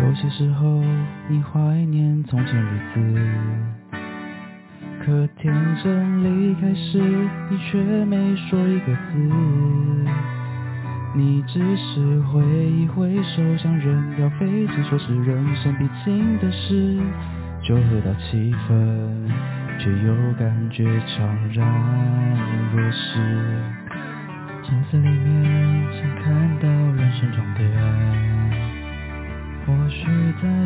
有些時候，你懷念從前日子，可天真離開時，你卻沒說一個字。你只是揮一揮手，像扔掉廢紙，說是人生必經的事，酒喝到七分，卻又感覺悵然若失。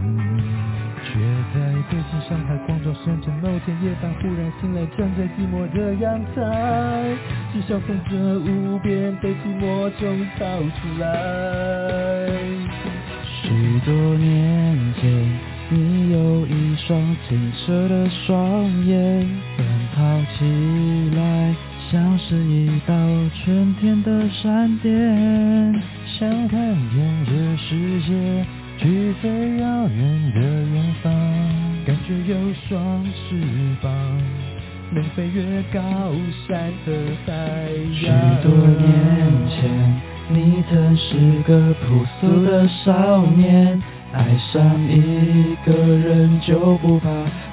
卻、嗯、在北京、上海、廣州、深圳，某天夜晚忽然醒來，站在寂寞的陽台，只想從這無邊的寂寞中逃出來。許多年前，你有一雙清澈的雙眼，奔跑起來像是一道春天的閃電，想看遍這世界。去最遙遠的遠方，感覺有雙翅膀，能飛越高山和海洋。許多年前，你曾是個樸素的少年，愛上一個人就不怕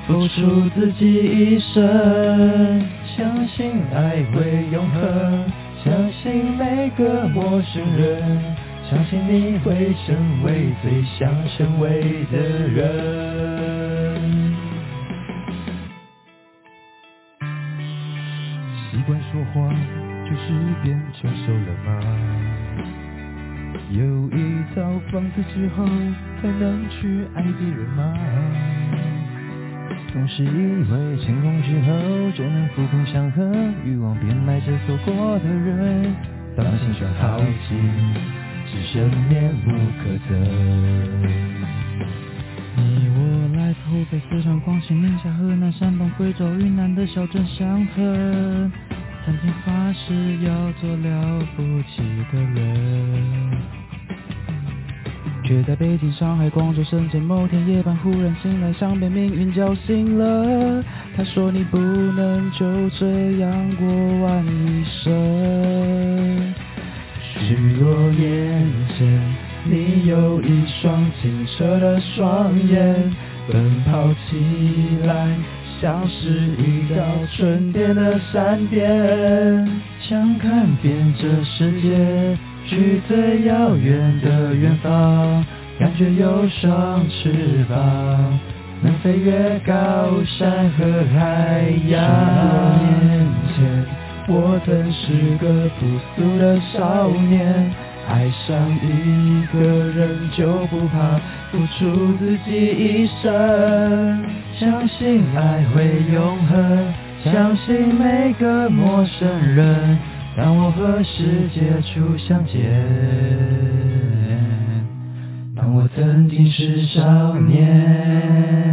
付出自己一生，相信愛會永恆，相信每個陌生人。相信你會成為最想成為的人。習慣說謊，就是變成熟了嗎？有一套房子之後，才能去愛別人嗎？總是以為成功之後就能撫平傷痕，慾望遍地埋葬着錯過的人，當心選好。好生面目可憎。你我來自湖北、四川、廣西、寧夏、河南、山東、貴州、雲南的小鎮鄉村，曾經發誓要做了不起的人，卻在北京、上海、廣州深圳。某天夜半忽然醒來，像被命運叫醒了。他說你不能就這樣過完一生。許多年前，你有一雙清澈的雙眼，奔跑起來像是一道春天的閃電，想看遍這世界，去最遙遠的遠方，感覺有雙翅膀，能飛越高山和海洋。我曾是個樸素的少年，愛上一個人就不怕付出自己一生。相信愛會永恆，相信每個陌生人，當我和世界初相見。當我曾經是少年。